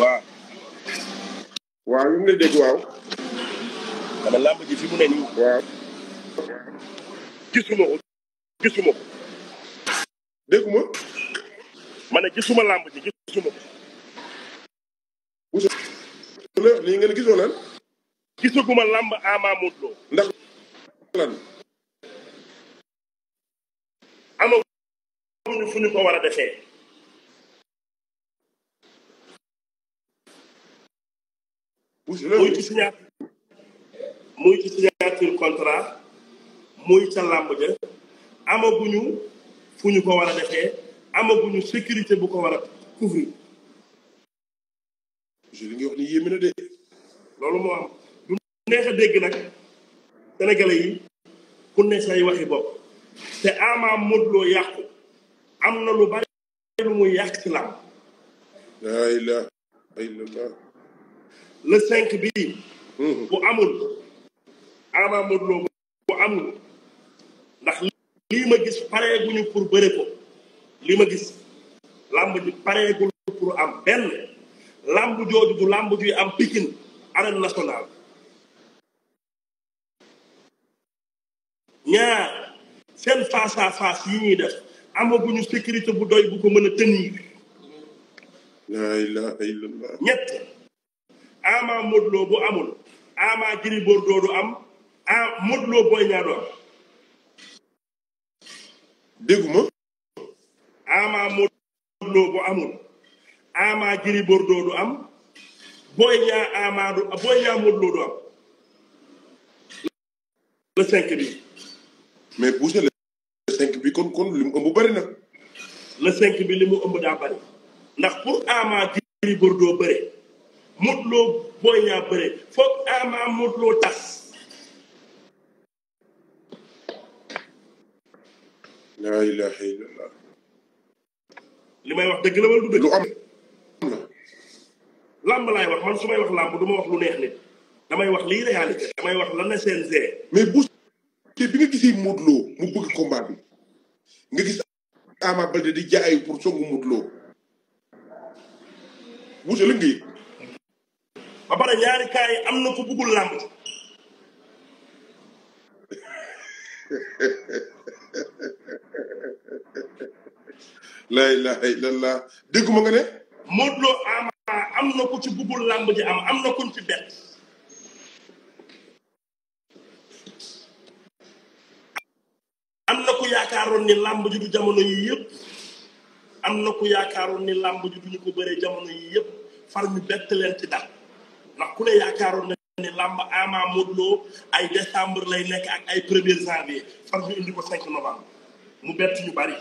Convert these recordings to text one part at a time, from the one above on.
waaw. waaw ñu ngi lay dégg waaw. dama làmb ji fi mu ne nii. waaw. gisuma ko gisuma ko. dégguma. ma gisuma làmb ji gisuma ko. Ousseyn lii ngeen gisoo lan. gisaguma làmb Ama Modou Lo. ndax lan. amaguñu fu ñu ko war a defee. muy ci signature muy ci signature contrat muy ca làmb ja amaguñu fu ñu ko war a defee amaguñu sécurité bu ko war a couvrir je li nga wax ni yéeme na de loolu moo am du neex dégg nag sénégalais yi ku ne say waxi bopp te Ama Modou Lo yàqu am na lu bari lu muy yàq ci làmb la ilaha illallah le cinq bii hmm. bu amul Ama bu amul ndax lii ma gis pareeguñu pour bëre ko li ma gis làmb ji pareegul pour am benn làmb jooju bu làmb juy am Pikine arène nationale ñaar seen face à face yi ñuy def amaguñu sécurité bu doy bu ko mën a tenir la ilaha ñett ama Modou Lo bu amul ama Gris Bordeaux du am am. dégguma. ama bu amul ama Gris Bordeaux du am Boy Niang ama du Boy Niang Modou Lo du am. le cinq bi. mais bouse le cinq bi kon kon li mu ëmb bëri na. le cinq bi li mu ëmb daa bëri. ndax pour ama Gris Bordeaux bëre. Modou Lo Boy Niang bëre foog Ama Modou Lo tas. la ilaha illallah. li may wax dëgg la wala du dëgg. lu am la. làmb laay wax man su may wax làmb du ma wax lu neex nit damay wax lii réalité damay wax lan la seen zee. mais bu te bi nga gisee Modou Lo mu bëgg combat nga gis Ama Baldé di jaay pour songu Modou Lo wuute la nga yëg ba ñaari kaa am na ku buggul làmb ji la ilaha illallah dégguma nga ne Modou Lo Ama am na ku ci buggul làmb ji am am na kuñ ci bett am na ku yaakaaroon ni làmb ji du jamono yi yëpp am na ku yaakaaroon ni làmb ji duñu ko bëree jamono yii yëpp far ñu bett leen ci dal ndax ku ne yaakaaroon na làmb Ama Modou ay décembre lay nekk ak ay premier janvier far ñu indi ko 5 novembre mu bett ñu bari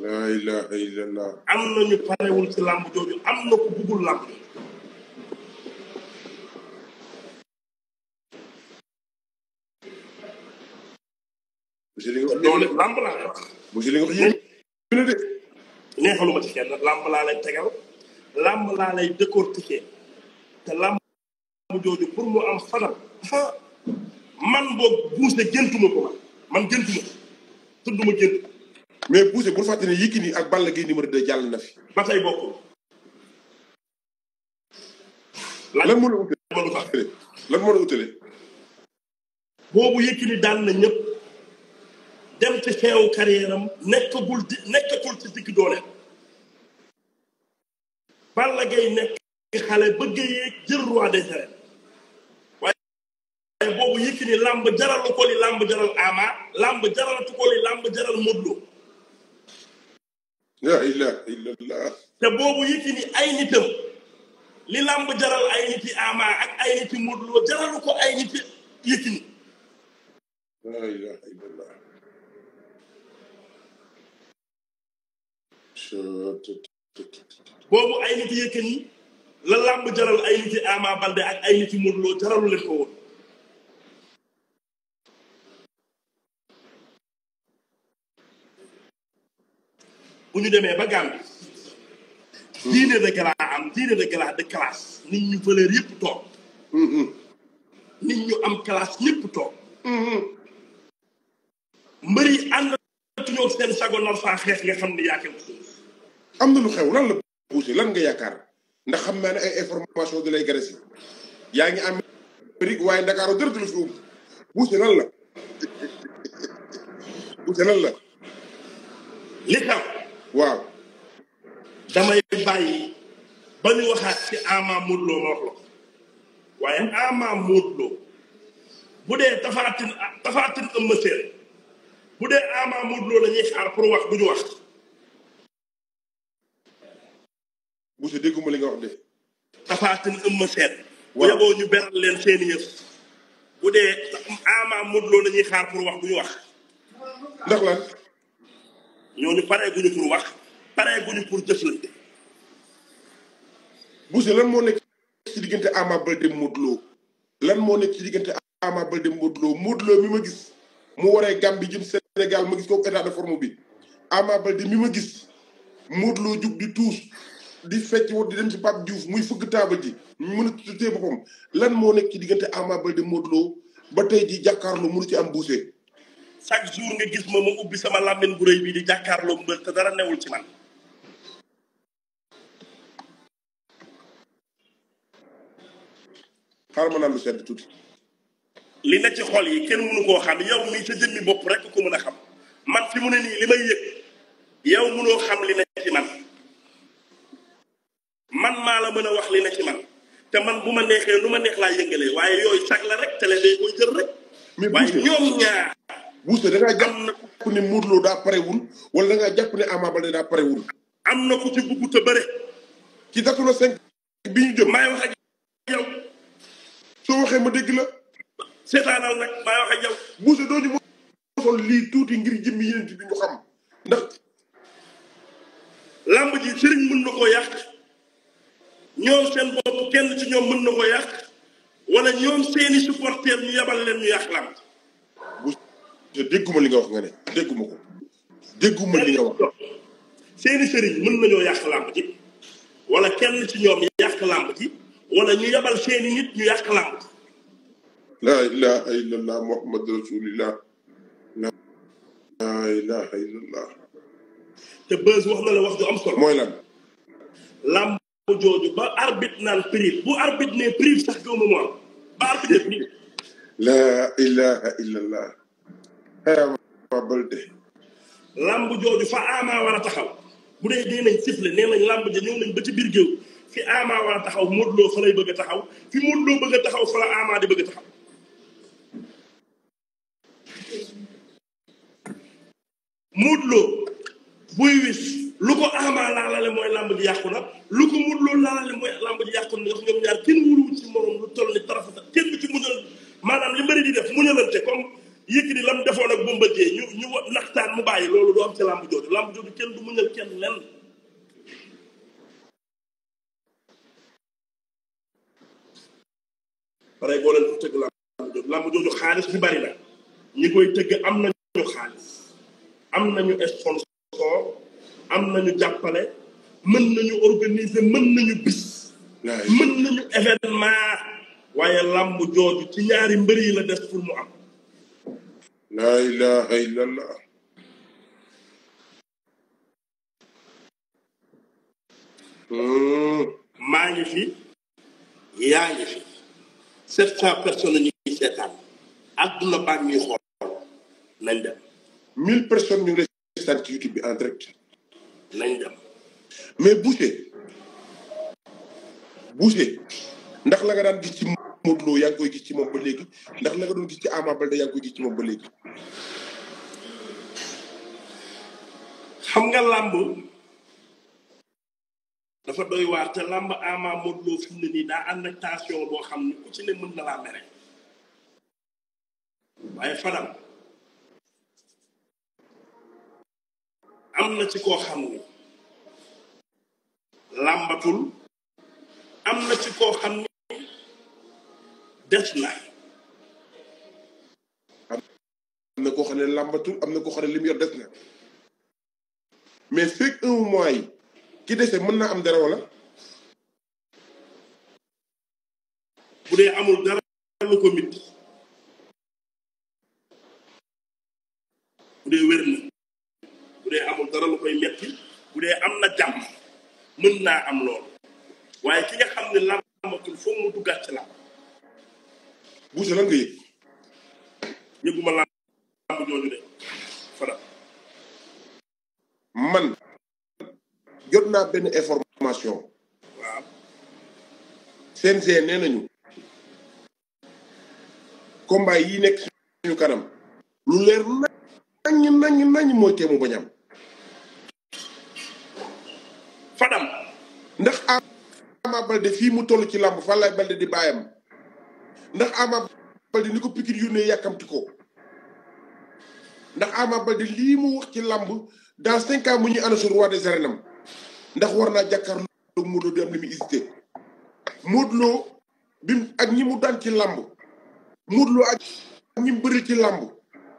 la ilaha illallah am na ñu parewul ci làmb jooju am na ku buggul làmb monsieur li nga wax loolu làmb laa lay ci kenn làmb laa lay tegal làmb laa lay décortiquer te làmb mu jooju pour mu am fanam dafa man boo buus ne géntuma ko man man géntuma ko tudduma gént mais buuse bul fàtte ne Yékini ak Balla Gaye numéro 2 jàll na fi ba tey bokkul lan moo la utale lan moo la utale boobu Yékini daan na ñëpp dem ci xeew carrière am nekkagul di nekkagul ci digg doole Balla Gaye nekk xale bëgg yéeg jël roi des arènes ni làmb jaralu ko li làmb jaral ama làmb jaralatu ko li làmb jaral Modou Lo la ilaha illallah te boobu Yékini ay nitam li làmb jaral ay niti ama ak ay niti Modou Lo jaralu ko ay niti Yékini la ilaha ay niti Yékini jaral ay niti ama balde ak ay niti Modou Lo jaralu leen ko ñu demee ba Gambie. diine de gala am diine de gala de classe. nit ñu valeur yëpp toog. nit ñu am classe ñëpp toog. mbër yi ànd tuñoo seen sago nal xeex nga xam ne yaakaar am na lu xew lan la poussé lan nga yaakaar ndax xam naa ay information du lay gërës yaa ngi am waaye Ndakaaru dara du la fi la lan la li xew waaw damay bàyyi ba ñu waxaat ci Ama Modou Lo waaye Ama Modou bu dee Tapha Tine Tapha Tine bu dee Ama Modou Lo xaar pour wax ñu wax. Boucher dégguma li nga bu ñu beral leen seen bu dee Ama la ñuy xaar pour wax ñu wax. ndax lan. ñoo ñooñu paree guñu pour wax paree guñu pour jëflante. Boucher lan moo nekk ci diggante Ama Baldé Modou Lô lan moo nekk ci diggante Ama Baldé Modou Lô Modou Lô mi ma gis mu waree Gambie jëm Sénégal ma gis ko état de forme bi Ama Baldé mi ma gis Modou Lô jug di tuus di fecc war di dem ci Pape Diouf muy fëgg taabal ji ñu mën a tutee boppam lan moo nekk ci diggante Ama Baldé Modou ba tey ji jàkkaarloo mënu ci am Boucher. chaque jour nga gis ma ma ubbi sama làmmiñ bu rëy bi di jàkkaarloo mbër te dara newul ci man xaaral ma naan lu sedd tuuti li ne ci xol yi kenn mënu koo xam yow mii sa jëmmi bopp rek ko mën a xam man fi mu ne nii li may yëg yow mënoo xam li ne ci man man maa la mën a wax li na ci man te man bu ma neexee lu ma neex laa yëngalee waaye yooyu sag la rek tele day koy jël rek waaye ñoom ñaar wuute da ngaa jàpp ne Modou Lo daa parewul wala da ngaa jàpp ne Ama Baldé daa parewul am na ko ci bugg te bëre ci datu la cinq bi ñu jëm maay wax ak yow soo waxee ma dégg la seetaanal nag maay wax ak yow buuse dooñu moo lii tuuti ngir jëmmi yeneen bi ñu xam ndax làmb ji sëriñ mën na ko yàq ñoom seen bopp kenn ci ñoom mën na ko yàq wala ñoom seeni supporters ñu yabal leen ñu yàq làmb te dégguma li nga wax nga ne dégguma ko dégguma li nga wax seeni sëriñ mën nañoo yàq làmb ji wala kenn ci ñoom yàq làmb ji wala ñu yabal seeni nit ñu yàq làmb ji la ilaha illallah muhammad rasulillah la ilaha illallah te beus wax na la wax ju am solo mooy lan làmb jooju ba arbitre naan prive bu arbitre ne prive sax gëwma moom ba arbitre prive la ilaha illallah lamb jooju fa Ama war a taxaw bu dee dee nañ siffle nee nañ lamb ja ñëw nañ ba ci biir géew fi Ama war a taxaw mut Lo fa lay bëgg a taxaw fi Modou Lo a taxaw fa la Ama a taxaw. Modou Lo buy wis lu ko Ama laalale mooy lamb ji yàqu na lu ko Modou Lo laalale mooy lamb ji yàqu na ndax ñoom ñaar kenn wóoruwul ci morom lu toll ni tarafa kenn du ci muñal maanaam li mbëri di def muñalante comme. Yékini lam defoon ak Bombardier ñu ñu naxtaan mu bàyyi loolu du am ci làmb jooju làmb jooju kenn du muñal kenn lenn. pare boo leen ko tëgg làmb jooju xaalis bi bari la ñi koy tëgg am nañu xaalis am nañu sponsor am nañu jàppale mën nañu organiser mën nañu bis. mën nañu événement waaye làmb jooju ci ñaari mbër yi la des pour mu am. لا إله إلا الله maa ngi fi yaa ngi fi sept cent personnes ñu ngi seetaan àdduna baa ñuy xool nañ dem mille personnes ñu ngi lay seetaan ci YouTube bi en direct nañ dem mais Boucher Boucher ndax la nga daan gis ci Modou Lo yaa ngi koy gis ci moom ba léegi ndax la nga doon gis ci Ama Baldé yaa ngi koy gis ci moom ba léegi. xam nga làmb dafa doy waar te làmb Ama Modou Lo fi ne nii daa ànd ak tension boo xam ne ku ci ne mën na laa mere waaye Fadam am na ci koo xam ne làmbatul am na ci koo xam ne deadline am na koo xam ne làmbatul am na koo xam ne li des na mais fekk un mois ki dese mën naa am dara wala bu dee amul dara lu ko mit bu dee wér na bu dee amul dara lu koy metti bu dee am na jàmm mën naa am loolu waaye ki nga xam ne làmbatul foog mu duggaat ci làmb Boucher lan nga yëg yëguma làmb jooju de Fada man jot naa benn information waaw CNG nee nañu combat yi nekk suñu kanam lu leer nañ nañ nañ mooy teemu bañam Fadam ndax Ama Baldé fii mu toll ci làmb Falaye Baldé di bàyyam ndax Ama Baldé ni ko pikir ne yàkkamti ko ndax Ama Baldé lii mu wax ci làmb dans cinq ans bu ñuy annoncer roi de arènes am ndax war naa jàkkaarloo mu Lô di am li mu hésité Modou bi ak ñi mu daan ci làmb Modou Lô ak ñi mu bëri ci làmb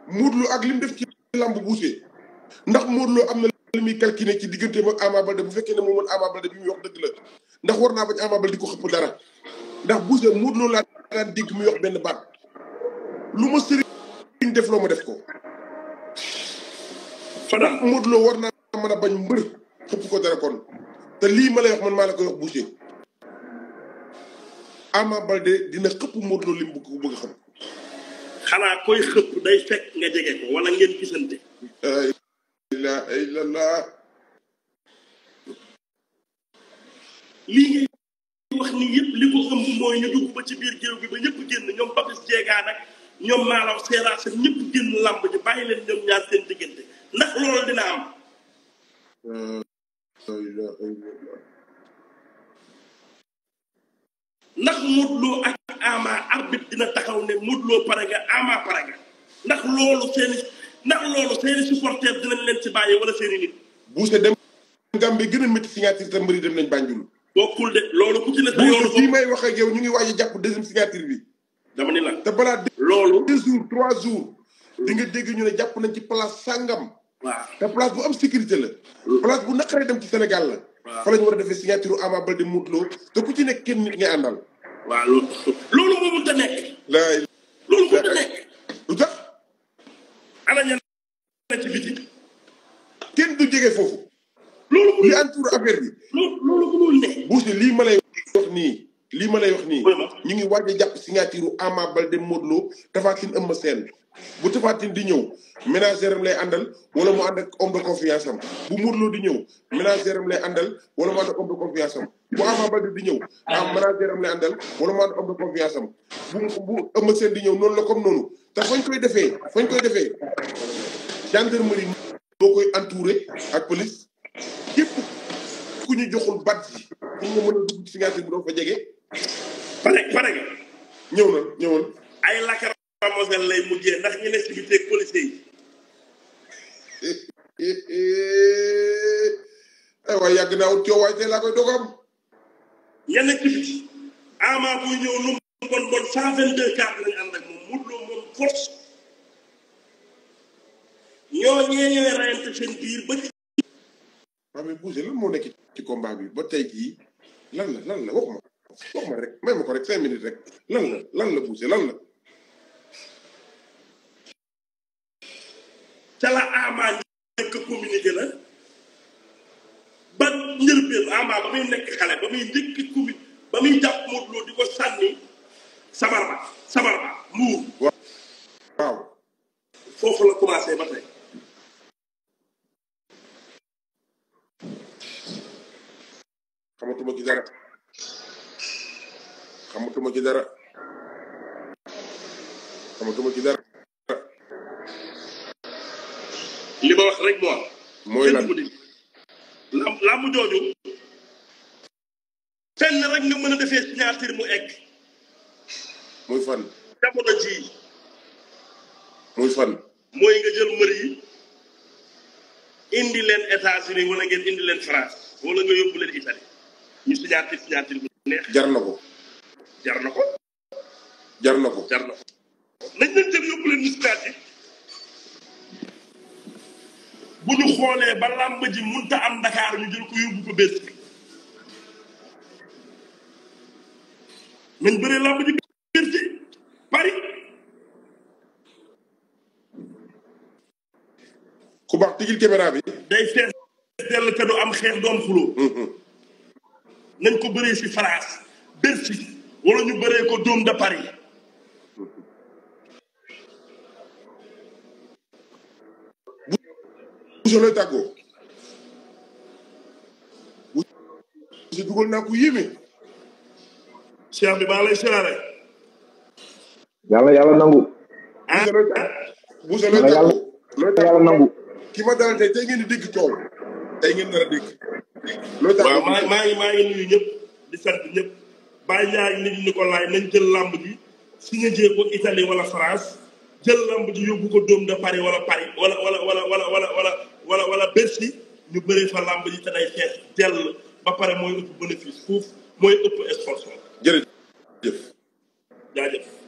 Modou Lô ak li mu def ci làmb buusee ndax Modou Lô am na li muy calculé ci digganteem ak Ama Baldé bu fekkee ne moo mën Ama Baldé bi muy wax dëgg la ndax war naa bañ Ama Baldé di ko xëpp dara ndax buusee Modou Lô laa daan dégg muy wax benn baat lu ma sëriñ def loo ma def ko. Fadam Modou war naa mën a bañ mbër xëpp ko dara te lii ma lay wax man maa la koy wax Boucher. Ama Balde dina xëpp Modou lim bu ko bëgg xam. xanaa koy xëpp day fekk nga jege ko wala ngeen gisante. la ilaha lii ngay ñu yëpp li ko ñu dugg ba ci biir géew bi ba ñëpp génn ñoom Papis Jéegaa nag ñoom maanaam Seera Sène ñëpp génn làmb ji bàyyi leen ñoom ñaar seen diggante ndax loolu dina am. ndax Modou Lo ak Ama arbitre dina taxaw ne Modou Lo pare nga Ama pare nga ndax loolu seeni ndax loolu seeni supporters dinañ leen ci bàyyi wala seeni nit. buuse dem Gambie gën a métti signature te mbëri dem nañ Banjul. bokkul de loolu ku ci nekk yoonu. fii wax ak yow ñu ngi waaj a jàpp deuxième signature bi. dama ni te balaa. loolu deux jours trois jours. di nga dégg ñu ne jàpp nañ ci place sangam. waaw te place bu am sécurité la. place bu naqaree dem ci Sénégal la. waaw fa war a defee signature Ama Baldé Modou Lô te ku ci nekk kenn nit nga àndal. waaw loolu. loolu moo mënta nekk. laay loolu mënta nekk. lu tax. ala ñan kenn du jege foofu. li entoure affaire bi. loolu lii ma lay wax nii. lii ma lay wax nii. ñu ngi waaj a jàpp signature Ama Baldé Modou Lô Tapha Tine Eumeu Sène bu Tapha Tine di ñëw ménagère am lay àndal wala mu ànd ak homme de confiance am bu Modou Lô di ñëw ménagère am lay àndal wala mu ànd ak homme de confiance am bu di ñëw. Ah. am ménagère am lay àndal wala mu ànd ak homme de confiance am bu bu Eumeu di ñëw noonu la comme noonu te fañ koy defee fañ koy defee gendarmerie boo koy entouré ak police. képp ku ñu joxul bat yi pour nga mën a dugg signature bi doo fa jege ñëw na ñëwoon ay lakkaramos nga lay mujjee ndax ñu ne sibité ak policier yi ay waay yàgg naa wut coow waay tey laa koy doog am yenn activité ama buy ñëw lu mu bon bon cent vingt deux carte lañu ànd ak moom mudloo moom force ñoo ñeeñee rayante seen biir ba ci mais Boucher lan moo nekk ci combat bi ba tey jii lan la lan la waxuma waxuma rek may ma ko rek cinq minutes rek lan la lan la Boucher lan la. ca la nekk communiqué la ba njëlbeen Ama ba muy nekk xale ba muy njëkk commun ba muy jàpp Modou Lo di ko sànni sabar ba sabar ba muur. waaw foofu la commencé ba tey. dara xamatuma ci dara xamatuma ci dara li ma wax rek mo moy lan lamb joju fenn rek nga mëna defé signature mu egg muy fan jamono ji muy fan moy nga jël meur indi len états-unis wala ngeen indi len france wala nga yobul len italie ñu signature signature bu neex. jar na ko. jar na ko. jar na ko jar nañ jël yóbbu leen législatif bu ñu xoolee ba làmb ji mënut a am Dakar ñu jël ko yóbbu ko bés bi nañ bëree làmb ji Paris. ku baax tigil caméra bi. day fees dell te du am xeex doom xuloo. Mm-hmm. nañ ko bëree si France Bercy wala ñu bëree ko Dôme de Paris. Boucher lay tàggoo. Boucher dugal naa ko yéeme. Cheikh bi maa lay siyaare. yàlla yàlla nangu. ah Boucher lay tàggoo. yàlla yàlla nangu. ki ma dal tey tey ngeen di dégg coow tey ngeen nar a dégg. loolu tax maa maa maa ngi nuyu ñëpp di sant ñëpp bàyyi yaay nit ñi ko laaj nañ jël làmb ji signé jee ko Italie wala France jël làmb ji yóbbu ko Dôme de Paris wala Paris wala wala wala wala wala wala wala Bercy ñu bëree fa làmb ji te day fees dell ba pare mooy ëpp bénéfice foofu mooy ëpp sponsor. jërëjëf jaajëf.